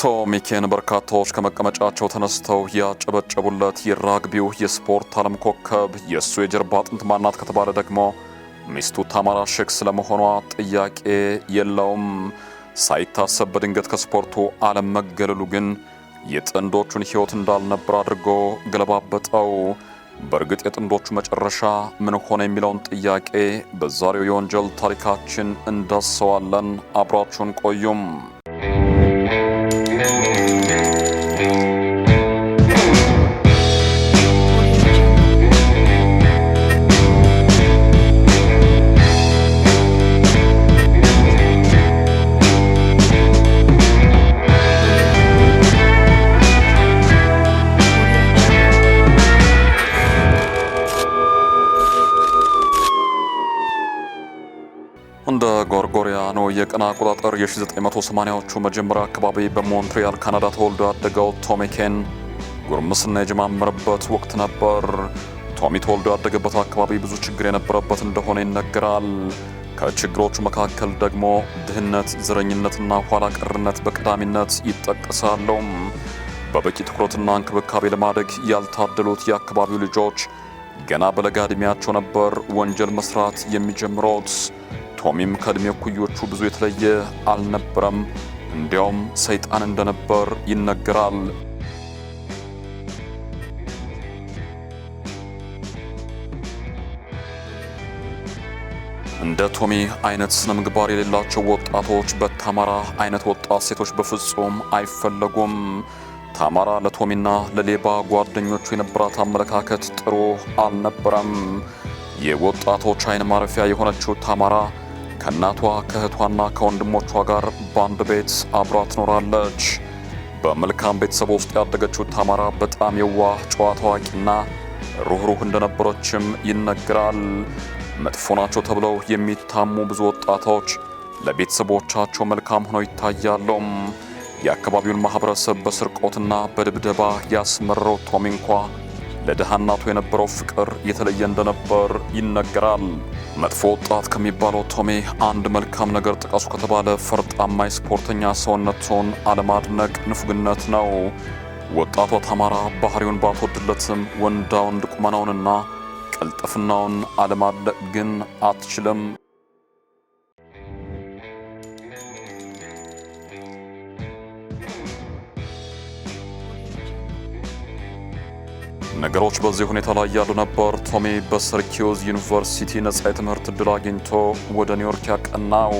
ቶሚኬን በርካታዎች ከመቀመጫቸው ተነስተው ያጨበጨቡለት የራግቢው የስፖርት ዓለም ኮከብ የእሱ የጀርባ አጥንት ማናት ከተባለ ደግሞ ሚስቱ ታማራ ሼክ ስለመሆኗ ጥያቄ የለውም። ሳይታሰብ በድንገት ከስፖርቱ ዓለም መገለሉ ግን የጥንዶቹን ሕይወት እንዳልነበር አድርጎ ገለባበጠው። በእርግጥ የጥንዶቹ መጨረሻ ምን ሆነ የሚለውን ጥያቄ በዛሬው የወንጀል ታሪካችን እንዳስሰዋለን። አብራችሁን ቆዩም። ቀን አቆጣጠር የ1980ዎቹ መጀመሪያ አካባቢ በሞንትሪያል ካናዳ ተወልዶ ያደገው ቶሚ ኬን ጉርምስና የጀማመረበት ወቅት ነበር። ቶሚ ተወልዶ ያደገበት አካባቢ ብዙ ችግር የነበረበት እንደሆነ ይነገራል። ከችግሮቹ መካከል ደግሞ ድህነት፣ ዘረኝነትና ኋላ ቀርነት በቀዳሚነት ይጠቀሳሉ። በበቂ ትኩረትና እንክብካቤ ለማደግ ያልታደሉት የአካባቢው ልጆች ገና በለጋ ዕድሜያቸው ነበር ወንጀል መስራት የሚጀምሩት። ቶሚም ከእድሜ ኩዮቹ ብዙ የተለየ አልነበረም። እንዲያውም ሰይጣን እንደነበር ይነገራል። እንደ ቶሚ አይነት ስነ ምግባር የሌላቸው ወጣቶች በታማራ አይነት ወጣት ሴቶች በፍጹም አይፈለጉም። ታማራ ለቶሚና ለሌባ ጓደኞቹ የነበራት አመለካከት ጥሩ አልነበረም። የወጣቶች አይን ማረፊያ የሆነችው ታማራ ከእናቷ ከእህቷና ከወንድሞቿ ጋር በአንድ ቤት አብራ ትኖራለች። በመልካም ቤተሰብ ውስጥ ያደገችው ታማራ በጣም የዋህ፣ ጨዋ፣ ታዋቂና ሩህሩህ እንደነበረችም ይነገራል። መጥፎ ናቸው ተብለው የሚታሙ ብዙ ወጣቶች ለቤተሰቦቻቸው መልካም ሆነው ይታያሉም። የአካባቢውን ማህበረሰብ በስርቆትና በድብደባ ያስመረው ቶሚ እንኳ ለድሃ እናቱ የነበረው ፍቅር የተለየ እንደነበር ይነገራል። መጥፎ ወጣት ከሚባለው ቶሜ አንድ መልካም ነገር ጥቀሱ ከተባለ ፈርጣማ ስፖርተኛ ሰውነቱን አለማድነቅ ንፉግነት ነው። ወጣቷ ታማራ ባህሪውን ባትወድለትም ወንዳ ወንድ ቁመናውንና ቅልጥፍናውን አለማድነቅ ግን አትችልም። ነገሮች በዚህ ሁኔታ ላይ ያሉ ነበር። ቶሚ በሰርኪዮዝ ዩኒቨርሲቲ ነጻ የትምህርት እድል አግኝቶ ወደ ኒውዮርክ ያቀናው።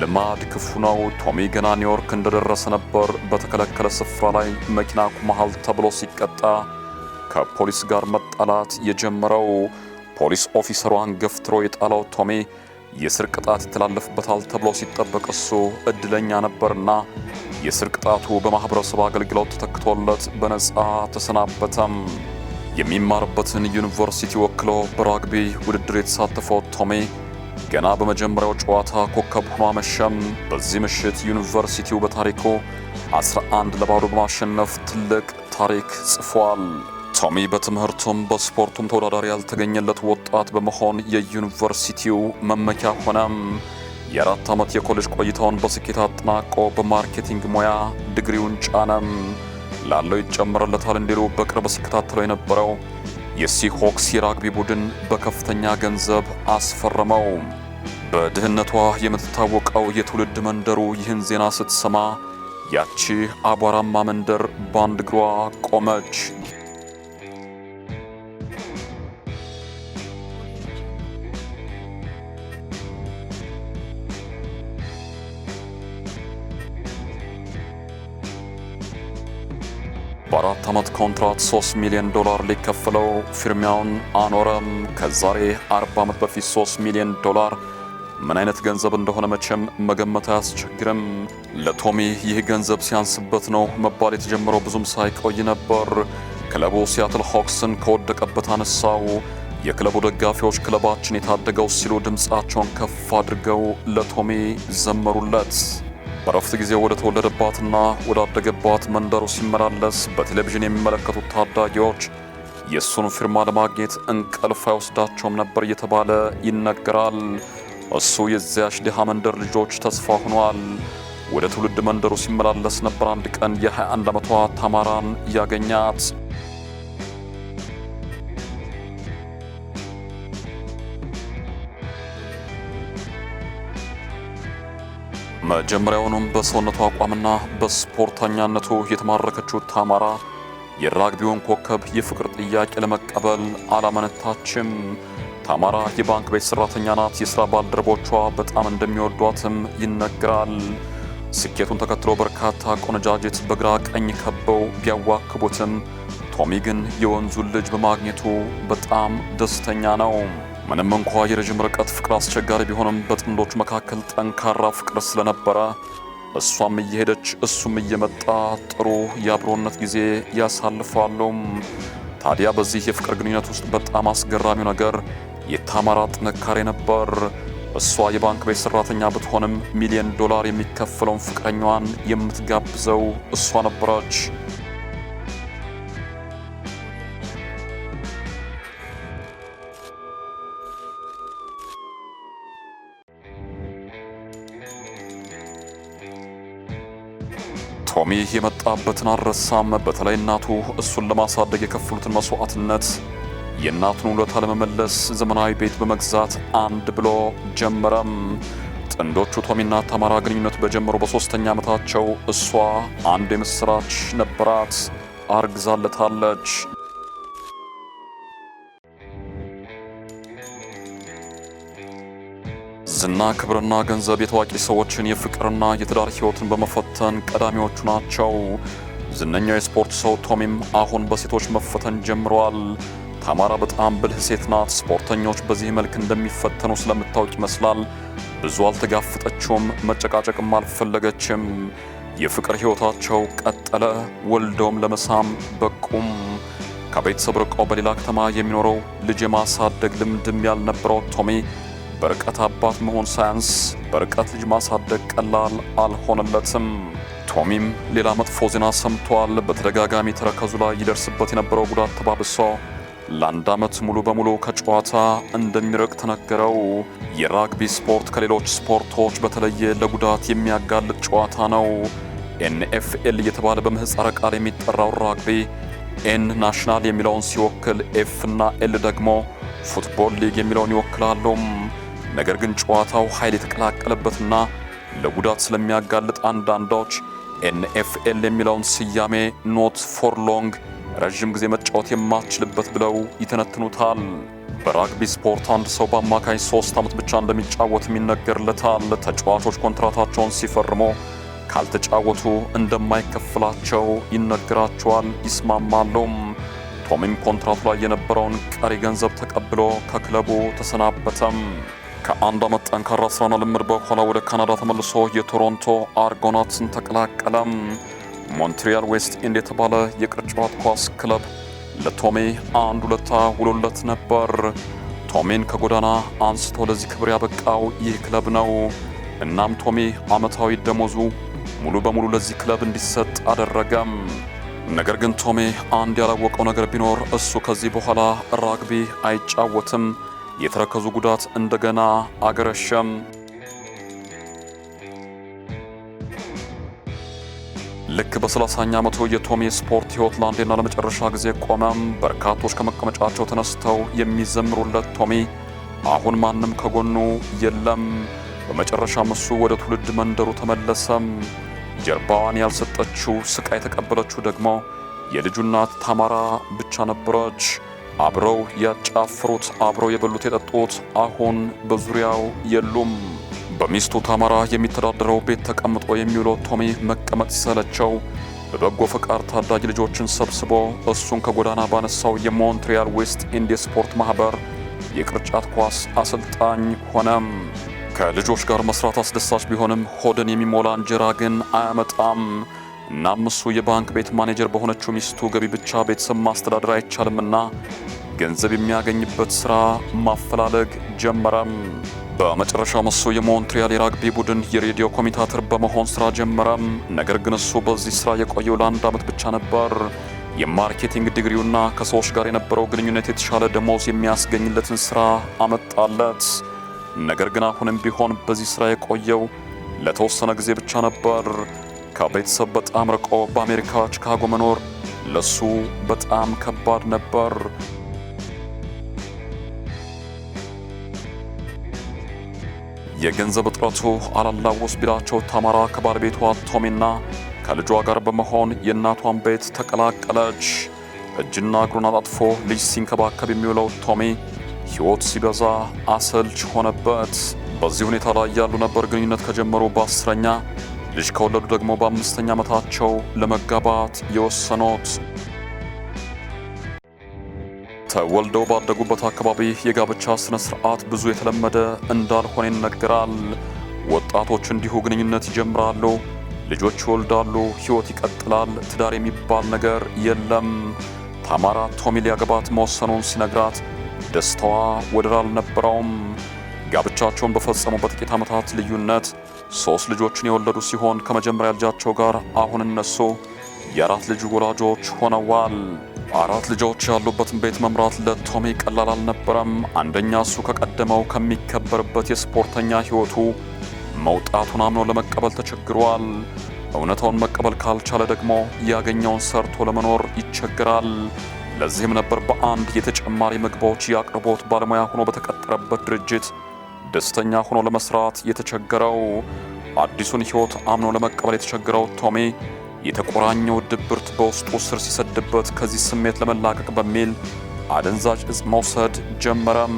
ልማድ ክፉ ነው። ቶሚ ገና ኒውዮርክ እንደደረሰ ነበር በተከለከለ ስፍራ ላይ መኪና ቁመሃል ተብሎ ሲቀጣ ከፖሊስ ጋር መጣላት የጀመረው። ፖሊስ ኦፊሰሯን ገፍትሮ የጣለው ቶሜ የስር ቅጣት ይተላለፍበታል ተብሎ ሲጠበቅ እሱ እድለኛ ነበርና የስር ቅጣቱ በማኅበረሰብ አገልግሎት ተተክቶለት በነፃ ተሰናበተም። የሚማርበትን ዩኒቨርሲቲ ወክሎ በራግቢ ውድድር የተሳተፈው ቶሚ ገና በመጀመሪያው ጨዋታ ኮከብ ሆኖ አመሸም። በዚህ ምሽት ዩኒቨርሲቲው በታሪኩ 11 ለባዶ በማሸነፍ ትልቅ ታሪክ ጽፏል። ቶሚ በትምህርቱም በስፖርቱም ተወዳዳሪ ያልተገኘለት ወጣት በመሆን የዩኒቨርሲቲው መመኪያ ሆነም። የአራት ዓመት የኮሌጅ ቆይታውን በስኬት አጠናቆ በማርኬቲንግ ሙያ ዲግሪውን ጫነም። ላለው ይጨምርለታል እንዲሉ በቅርብ ሲከታተለው የነበረው የሲሆክስ የራግቢ ቡድን በከፍተኛ ገንዘብ አስፈረመው። በድህነቷ የምትታወቀው የትውልድ መንደሩ ይህን ዜና ስትሰማ ያቺ አቧራማ መንደር በአንድ እግሯ ቆመች። ዓመት ኮንትራት 3 ሚሊዮን ዶላር ሊከፍለው ፊርሚያውን አኖረም። ከዛሬ 40 ዓመት በፊት 3 ሚሊዮን ዶላር ምን አይነት ገንዘብ እንደሆነ መቼም መገመት አያስቸግርም። ለቶሚ ይህ ገንዘብ ሲያንስበት ነው መባል የተጀመረው። ብዙም ሳይቆይ ነበር ክለቡ ሲያትል ሆክስን ከወደቀበት አነሳው። የክለቡ ደጋፊዎች ክለባችን የታደገው ሲሉ ድምፃቸውን ከፍ አድርገው ለቶሚ ዘመሩለት። በረፍት ጊዜ ወደ ተወለደባትና ወዳደገባት መንደሩ ሲመላለስ በቴሌቪዥን የሚመለከቱት ታዳጊዎች የእሱን ፊርማ ለማግኘት እንቅልፍ አይወስዳቸውም ነበር እየተባለ ይነገራል። እሱ የዚያሽ ድሃ መንደር ልጆች ተስፋ ሆኗል። ወደ ትውልድ መንደሩ ሲመላለስ ነበር አንድ ቀን የ21 ዓመቷ ታማራን ያገኛት። መጀመሪያውንም በሰውነቱ አቋምና በስፖርተኛነቱ የተማረከችው ታማራ የራግቢውን ኮከብ የፍቅር ጥያቄ ለመቀበል አላመነታችም። ታማራ የባንክ ቤት ሰራተኛ ናት። የሥራ ባልደረቦቿ በጣም እንደሚወዷትም ይነገራል። ስኬቱን ተከትሎ በርካታ ቆነጃጅት በግራ ቀኝ ከበው ቢያዋክቡትም ቶሚ ግን የወንዙን ልጅ በማግኘቱ በጣም ደስተኛ ነው። ምንም እንኳ የረዥም ርቀት ፍቅር አስቸጋሪ ቢሆንም በጥንዶች መካከል ጠንካራ ፍቅር ስለነበረ እሷም እየሄደች እሱም እየመጣ ጥሩ የአብሮነት ጊዜ ያሳልፋሉ። ታዲያ በዚህ የፍቅር ግንኙነት ውስጥ በጣም አስገራሚው ነገር የታማራ ጥንካሬ ነበር። እሷ የባንክ ቤት ሰራተኛ ብትሆንም ሚሊዮን ዶላር የሚከፍለውን ፍቅረኛዋን የምትጋብዘው እሷ ነበረች። ቶሚ የመጣበትን አረሳም በተለይ እናቱ እሱን ለማሳደግ የከፈሉትን መስዋዕትነት፣ የእናቱን ውለታ ለመመለስ ዘመናዊ ቤት በመግዛት አንድ ብሎ ጀመረም። ጥንዶቹ ቶሚና ታማራ ግንኙነት በጀመሩ በሦስተኛ ዓመታቸው እሷ አንድ የምሥራች ነበራት፣ አርግዛለታለች። ዝና ክብርና ገንዘብ የታዋቂ ሰዎችን የፍቅርና የትዳር ህይወትን በመፈተን ቀዳሚዎቹ ናቸው። ዝነኛው የስፖርት ሰው ቶሚም አሁን በሴቶች መፈተን ጀምረዋል። ታማራ በጣም ብልህ ሴት ናት። ስፖርተኞች በዚህ መልክ እንደሚፈተኑ ስለምታውቅ ይመስላል። ብዙ አልተጋፈጠችውም፣ መጨቃጨቅም አልፈለገችም። የፍቅር ህይወታቸው ቀጠለ። ወልደውም ለመሳም በቁም። ከቤተሰብ ርቀው በሌላ ከተማ የሚኖረው ልጅ የማሳደግ ልምድም ያልነበረው ቶሚ በርቀት አባት መሆን ሳያንስ በርቀት ልጅ ማሳደግ ቀላል አልሆነለትም። ቶሚም ሌላ መጥፎ ዜና ሰምቷል። በተደጋጋሚ ተረከዙ ላይ ይደርስበት የነበረው ጉዳት ተባብሶ ለአንድ ዓመት ሙሉ በሙሉ ከጨዋታ እንደሚርቅ ተነገረው። የራግቢ ስፖርት ከሌሎች ስፖርቶች በተለየ ለጉዳት የሚያጋልጥ ጨዋታ ነው። ኤንኤፍኤል እየተባለ በምህፃረ ቃል የሚጠራው ራግቢ ኤን ናሽናል የሚለውን ሲወክል ኤፍ እና ኤል ደግሞ ፉትቦል ሊግ የሚለውን ይወክላሉም። ነገር ግን ጨዋታው ኃይል የተቀላቀለበትና ለጉዳት ስለሚያጋልጥ አንዳንዳዎች ኤንኤፍኤል የሚለውን ስያሜ ኖት ፎር ሎንግ ረዥም ጊዜ መጫወት የማትችልበት ብለው ይተነትኑታል። በራግቢ ስፖርት አንድ ሰው በአማካኝ ሶስት ዓመት ብቻ እንደሚጫወትም ይነገርለታል። ተጫዋቾች ኮንትራታቸውን ሲፈርሙ ካልተጫወቱ እንደማይከፍላቸው ይነገራቸዋል፣ ይስማማሉም። ቶሚም ኮንትራቱ ላይ የነበረውን ቀሪ ገንዘብ ተቀብሎ ከክለቡ ተሰናበተም። ከአንድ ዓመት ጠንካራ ስራና ልምድ በኋላ ወደ ካናዳ ተመልሶ የቶሮንቶ አርጎናትን ተቀላቀለም። ሞንትሪያል ዌስት ኢንድ የተባለ የቅርጫት ኳስ ክለብ ለቶሜ አንድ ሁለታ ውሎለት ነበር። ቶሜን ከጎዳና አንስቶ ለዚህ ክብር ያበቃው ይህ ክለብ ነው። እናም ቶሜ ዓመታዊ ደሞዙ ሙሉ በሙሉ ለዚህ ክለብ እንዲሰጥ አደረገም። ነገር ግን ቶሜ አንድ ያላወቀው ነገር ቢኖር እሱ ከዚህ በኋላ ራግቢ አይጫወትም። የተረከዙ ጉዳት እንደገና አገረሸም። ልክ በ30ኛ ዓመቱ የቶሚ ስፖርት ህይወት ለአንዴና ለመጨረሻ ጊዜ ቆመም። በርካቶች ከመቀመጫቸው ተነስተው የሚዘምሩለት ቶሚ አሁን ማንም ከጎኑ የለም። በመጨረሻም እሱ ወደ ትውልድ መንደሩ ተመለሰም። ጀርባዋን ያልሰጠችው ስቃይ የተቀበለችው ደግሞ የልጁ እናት ታማራ ብቻ ነበረች። አብረው ያጫፍሩት፣ አብረው የበሉት የጠጡት አሁን በዙሪያው የሉም። በሚስቱ ታማራ የሚተዳደረው ቤት ተቀምጦ የሚውለው ቶሚ መቀመጥ ሰለቸው። በበጎ ፈቃድ ታዳጊ ልጆችን ሰብስቦ እሱን ከጎዳና ባነሳው የሞንትሪያል ዌስት ኢንዲ ስፖርት ማኅበር የቅርጫት ኳስ አሰልጣኝ ሆነም። ከልጆች ጋር መስራት አስደሳች ቢሆንም ሆድን የሚሞላ እንጀራ ግን አያመጣም። እናም እሱ የባንክ ቤት ማኔጀር በሆነችው ሚስቱ ገቢ ብቻ ቤተሰብ ማስተዳደር አይቻልምና ገንዘብ የሚያገኝበት ሥራ ማፈላለግ ጀመረም። በመጨረሻም እሱ የሞንትሪያል የራግቢ ቡድን የሬዲዮ ኮሚታተር በመሆን ሥራ ጀመረም። ነገር ግን እሱ በዚህ ሥራ የቆየው ለአንድ ዓመት ብቻ ነበር። የማርኬቲንግ ዲግሪውና ከሰዎች ጋር የነበረው ግንኙነት የተሻለ ደሞዝ የሚያስገኝለትን ሥራ አመጣለት። ነገር ግን አሁንም ቢሆን በዚህ ሥራ የቆየው ለተወሰነ ጊዜ ብቻ ነበር። ከቤተሰብ በጣም ርቆ በአሜሪካ ቺካጎ መኖር ለሱ በጣም ከባድ ነበር። የገንዘብ እጥረቱ አላላወስ ቢላቸው ታማራ ከባለቤቷ ቶሚና ከልጇ ጋር በመሆን የእናቷን ቤት ተቀላቀለች። እጅና እግሩን አጣጥፎ ልጅ ሲንከባከብ የሚውለው ቶሚ ሕይወት ሲበዛ አሰልች ሆነበት። በዚህ ሁኔታ ላይ ያሉ ነበር ግንኙነት ከጀመሩ በአስረኛ ልጅ ከወለዱ ደግሞ በአምስተኛ ዓመታቸው ለመጋባት የወሰኑት ተወልደው ባደጉበት አካባቢ የጋብቻ ስነ ስርዓት ብዙ የተለመደ እንዳልሆነ ይነገራል። ወጣቶች እንዲሁ ግንኙነት ይጀምራሉ፣ ልጆች ይወልዳሉ፣ ሕይወት ይቀጥላል፣ ትዳር የሚባል ነገር የለም። ታማራ ቶሚ ሊያገባት መወሰኑን ሲነግራት ደስታዋ ወደር አልነበረውም። ጋብቻቸውን በፈጸሙ በጥቂት ዓመታት ልዩነት ሦስት ልጆችን የወለዱ ሲሆን ከመጀመሪያ ልጃቸው ጋር አሁን እነሱ የአራት ልጅ ወላጆች ሆነዋል። አራት ልጆች ያሉበትን ቤት መምራት ለቶሚ ቀላል አልነበረም። አንደኛ እሱ ከቀደመው ከሚከበርበት የስፖርተኛ ህይወቱ መውጣቱን አምኖ ለመቀበል ተቸግሯል። እውነታውን መቀበል ካልቻለ ደግሞ ያገኘውን ሰርቶ ለመኖር ይቸግራል። ለዚህም ነበር በአንድ የተጨማሪ ምግቦች የአቅርቦት ባለሙያ ሆኖ በተቀጠረበት ድርጅት ደስተኛ ሆኖ ለመስራት የተቸገረው። አዲሱን ህይወት አምኖ ለመቀበል የተቸገረው ቶሚ የተቆራኘው ድብርት በውስጡ ስር ሲሰድበት ከዚህ ስሜት ለመላቀቅ በሚል አደንዛዥ እጽ መውሰድ ጀመረም።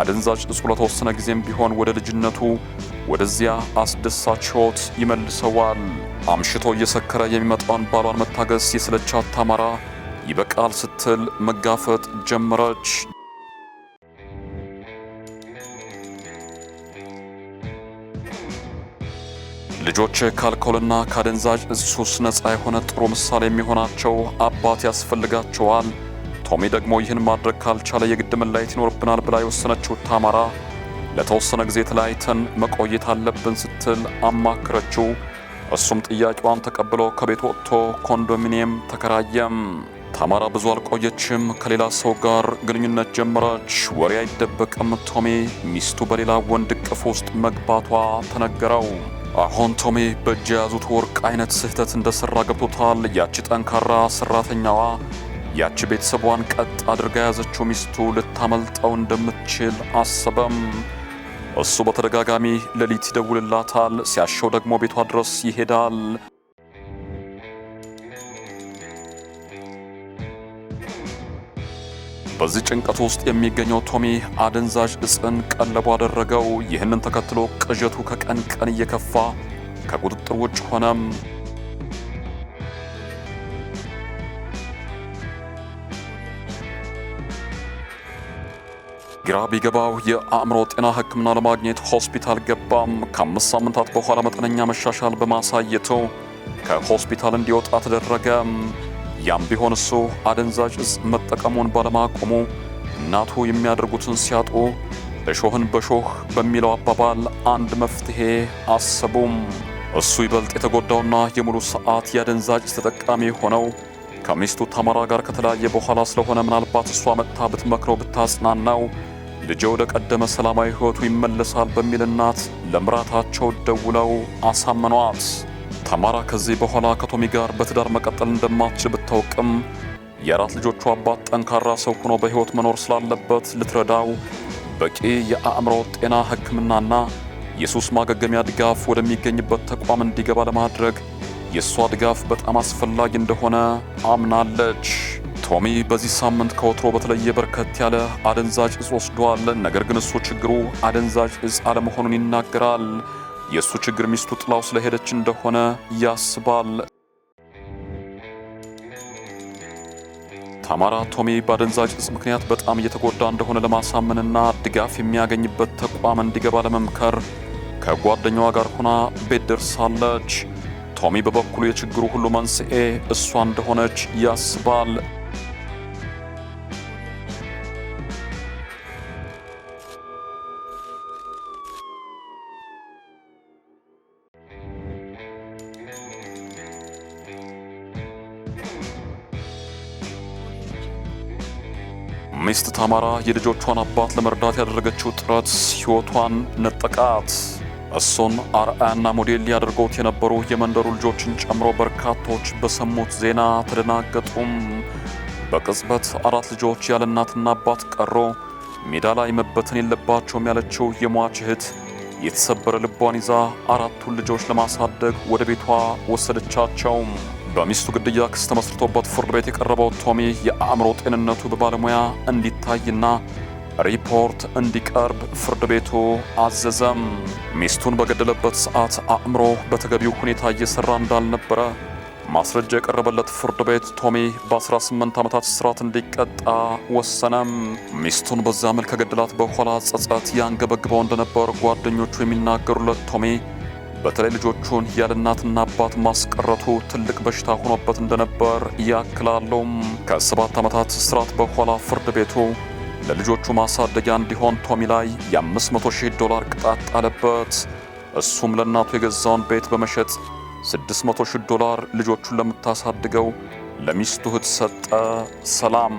አደንዛዥ እጹ ለተወሰነ ጊዜም ቢሆን ወደ ልጅነቱ ወደዚያ አስደሳች ሕይወት ይመልሰዋል። አምሽቶ እየሰከረ የሚመጣውን ባሏን መታገስ የስለቻት ታማራ ይበቃል ስትል መጋፈጥ ጀመረች። ልጆች ከአልኮልና ከአደንዛዥ ሱስ ነፃ የሆነ ጥሩ ምሳሌ የሚሆናቸው አባት ያስፈልጋቸዋል። ቶሚ ደግሞ ይህን ማድረግ ካልቻለ የግድ መለያየት ይኖርብናል ብላ የወሰነችው ታማራ ለተወሰነ ጊዜ ተለያይተን መቆየት አለብን ስትል አማክረችው። እሱም ጥያቄዋን ተቀብሎ ከቤት ወጥቶ ኮንዶሚኒየም ተከራየም። ታማራ ብዙ አልቆየችም፣ ከሌላ ሰው ጋር ግንኙነት ጀመረች። ወሬ አይደበቅም፣ ቶሚ ሚስቱ በሌላ ወንድ ቅፍ ውስጥ መግባቷ ተነገረው። አሁን ቶሚ በእጅ የያዙት ወርቅ አይነት ስህተት እንደሰራ ገብቶታል። ያቺ ጠንካራ ሰራተኛዋ፣ ያቺ ቤተሰቧን ቀጥ አድርጋ የያዘችው ሚስቱ ልታመልጠው እንደምትችል አሰበም። እሱ በተደጋጋሚ ሌሊት ይደውልላታል፣ ሲያሸው ደግሞ ቤቷ ድረስ ይሄዳል። በዚህ ጭንቀት ውስጥ የሚገኘው ቶሚ አደንዛዥ እጽን ቀለቡ አደረገው። ይህንን ተከትሎ ቅዠቱ ከቀን ቀን እየከፋ ከቁጥጥር ውጭ ሆነም። ግራ ቢገባው የአእምሮ ጤና ሕክምና ለማግኘት ሆስፒታል ገባም። ከአምስት ሳምንታት በኋላ መጠነኛ መሻሻል በማሳየቱ ከሆስፒታል እንዲወጣ ተደረገ። ያም ቢሆን እሱ አደንዛዥ እጽ መጠቀሙን ባለማቆሙ እናቱ የሚያደርጉትን ሲያጡ እሾህን በሾህ በሚለው አባባል አንድ መፍትሄ አሰቡም። እሱ ይበልጥ የተጎዳውና የሙሉ ሰዓት የአደንዛዥ ተጠቃሚ ሆነው ከሚስቱ ተመራ ጋር ከተለያየ በኋላ ስለሆነ ምናልባት እሷ መጥታ ብትመክረው ብታጽናናው ልጄ ወደ ቀደመ ሰላማዊ ሕይወቱ ይመለሳል በሚል እናት ለምራታቸው ደውለው አሳምኗት ተማራ ከዚህ በኋላ ከቶሚ ጋር በትዳር መቀጠል እንደማትችል ብታውቅም የአራት ልጆቹ አባት ጠንካራ ሰው ሆኖ በሕይወት መኖር ስላለበት ልትረዳው በቂ የአእምሮ ጤና ሕክምናና የሱስ ማገገሚያ ድጋፍ ወደሚገኝበት ተቋም እንዲገባ ለማድረግ የእሷ ድጋፍ በጣም አስፈላጊ እንደሆነ አምናለች። ቶሚ በዚህ ሳምንት ከወትሮ በተለየ በርከት ያለ አደንዛዥ እጽ ወስዷል። ነገር ግን እሱ ችግሩ አደንዛዥ እጽ አለመሆኑን ይናገራል። የእሱ ችግር ሚስቱ ጥላው ስለሄደች እንደሆነ ያስባል። ታማራ ቶሚ በአደንዛዥ እጽ ምክንያት በጣም እየተጎዳ እንደሆነ ለማሳመንና ድጋፍ የሚያገኝበት ተቋም እንዲገባ ለመምከር ከጓደኛዋ ጋር ሆና ቤት ደርሳለች። ቶሚ በበኩሉ የችግሩ ሁሉ መንስኤ እሷ እንደሆነች ያስባል። ሚስት ታማራ የልጆቿን አባት ለመርዳት ያደረገችው ጥረት ሕይወቷን ነጠቃት። እሱን አርአያና ሞዴል ያደርገውት የነበሩ የመንደሩ ልጆችን ጨምሮ በርካቶች በሰሙት ዜና ተደናገጡም። በቅጽበት አራት ልጆች ያለ እናትና አባት ቀሮ ሜዳ ላይ መበተን የለባቸውም ያለችው የሟች እህት የተሰበረ ልቧን ይዛ አራቱን ልጆች ለማሳደግ ወደ ቤቷ ወሰደቻቸውም። በሚስቱ ግድያ ክስ ተመስርቶበት ፍርድ ቤት የቀረበው ቶሚ የአእምሮ ጤንነቱ በባለሙያ እንዲታይና ሪፖርት እንዲቀርብ ፍርድ ቤቱ አዘዘም። ሚስቱን በገደለበት ሰዓት አእምሮ በተገቢው ሁኔታ እየሰራ እንዳልነበረ ማስረጃ የቀረበለት ፍርድ ቤት ቶሚ በ18 ዓመታት እስራት እንዲቀጣ ወሰነም። ሚስቱን በዛ መልክ ከገደላት በኋላ ጸጸት ያንገበግበው እንደነበር ጓደኞቹ የሚናገሩለት ቶሚ በተለይ ልጆቹን ያለ እናትና አባት ማስቀረቱ ትልቅ በሽታ ሆኖበት እንደነበር ያክላሉም። ከሰባት ዓመታት እስራት በኋላ ፍርድ ቤቱ ለልጆቹ ማሳደጊያ እንዲሆን ቶሚ ላይ የ500,000 ዶላር ቅጣት ጣለበት። እሱም ለእናቱ የገዛውን ቤት በመሸጥ 600,000 ዶላር ልጆቹን ለምታሳድገው ለሚስቱ እህት ሰጠ። ሰላም